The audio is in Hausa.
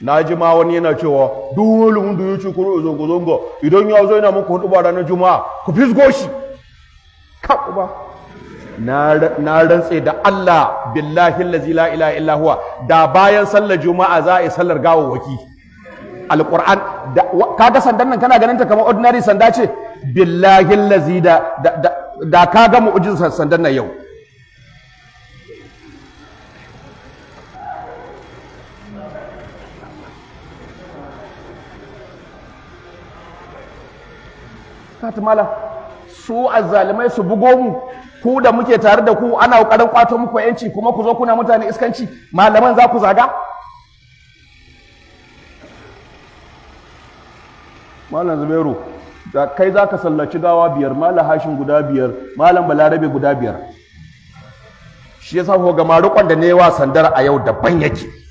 na ji ma wani yana cewa duk wani mun da yuci kuro zongo zongo idan ya zo yana muku hudu ba ranar juma'a ku fisgo shi ba na rantse da Allah billahi allazi la ilaha da bayan sallar juma'a za a yi sallar gawawwaki alquran kaga sandan nan kana ganin ta kamar ordinary sanda ce billahi allazi da ka da, da kaga mu'jizar sandan nan yau kati mala su azzalimai su bugo mu ku da muke tare da ku ana kokarin kwato muku yanci kuma ku zo kuna mutane iskanci malaman za ku zaga malam zubairu da kai za ka sallaci gawa biyar malam hashin guda biyar malam balarabe guda biyar shi ya sa ga marukon da ne wa sandar a yau daban yake